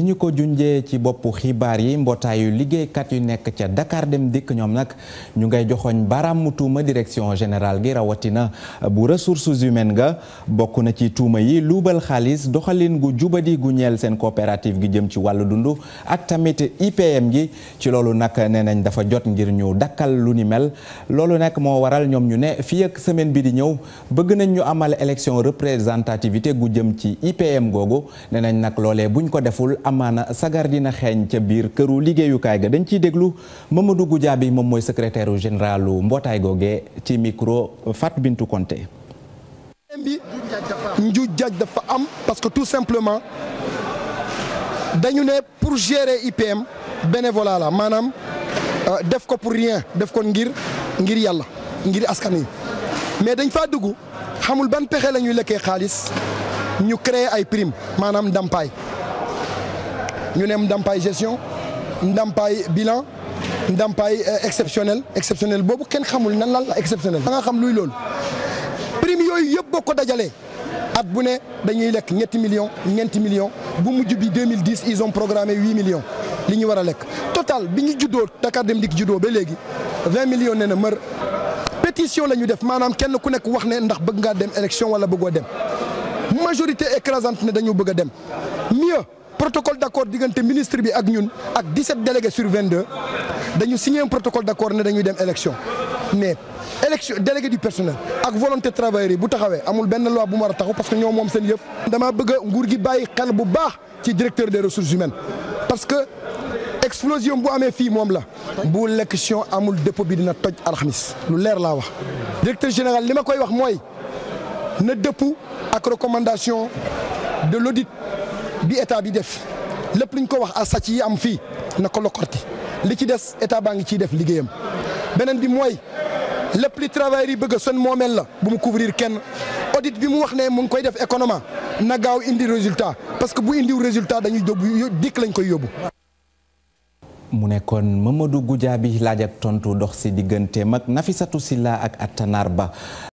ni ñu ko junjee ci boppu xibaar yi mbootaayu liggéeykat yu nekk ca dakaar dem dikk ñoom nag ñu ngay joxoñ baaraamu tuuma direction générale gi rawatina bu ressources humaines ga bokk na ci tuuma yi luubal xaalis doxalin gu jubadi gu ñeel seen coopérative gi jëm ci wàllu dund ak tamit IPM gi ci loolu nag nee nañ dafa jot ngir ñu dakkal lu ni mel loolu nag moo waral ñoom ñu ne fii ak semaine bi di ñëw bëgg nañ ñu amal élection représentativité gu jëm ci IPM googu amaana sagar dina xeeñ ca biir këru liggéeyukaay ga dañ ciy déglu Mamadou Goudiaby moom mooy secrétaire général mbootaay googe ci micro Fat Bintou Konté bi njuuj jaaj dafa am parce que tout simplement dañu ne pour gérer IPM bénévolat la maanaam euh, def ko pour rien def ko ngir ngir yàlla ngir askan yi mais dañ faa dugg xamul ban pexe la ñuy lekkee xaalis ñu créer ay prime maanaam ndàmpaay ñu ne ndàmpaay gestion ndàmpaay bilan ndàmpaay euh, exceptionnel exceptionnel boobu kenn xamul nan lan la exceptionnel. da nga xam luy loolu prime yooyu yëpp boo ko dajalee at bu ne dañuy lekk ñetti million ñeenti million bu mujj bi 2010 ils ont programmé huit millions li ñu war a lekk total bi ñu juddoo Dakar Dem Dikk juddoo ba léegi vingt million nee na mër. pétition la ñu def maanaam kenn ku nekk wax ne ndax bëgg ngaa dem élection wala bëggoo dem majorité écrasante ne dañu bëgg a dem mieux. protocole d' accord diggante ministre bi ak ñun ak 17 délégués sur 22 dañu signé un protocole d' ne dañuy dem élection mais élection délégué du personnel ak volonte travailleurs bu taxawee amul benn loi bu mar war a taxaw parce que ñoo moom seen yëf. dama bëgg a nguur gi bàyyi xel bu baax ci directeur des ressources humaines parce que explosion bu amee fii moom la bu élection amul dépôt bi dina toj alxamis lu leer laa wax. directeur général li ma koy wax mooy na dëpp ak recommandation de bi état bi def lépp luñ ko wax a sac yi am fii na ko lokkorti li ci des état baa ngi ciy def liggéeyam beneen bi mooy lépp li travailleurs yi bëgg seen moomeel la bu mu couvrir kenn audit bi mu wax ne mu ngi koy def économent na gaaw indi résultat parce que bu indiw résultat dañuy yóbbu dikk lañ koy yóbbu. mu nekkoon Mamadou Goudiaby laaj ak tontu dox si digganteem ak Nafisatou Silla ak Attanar Ba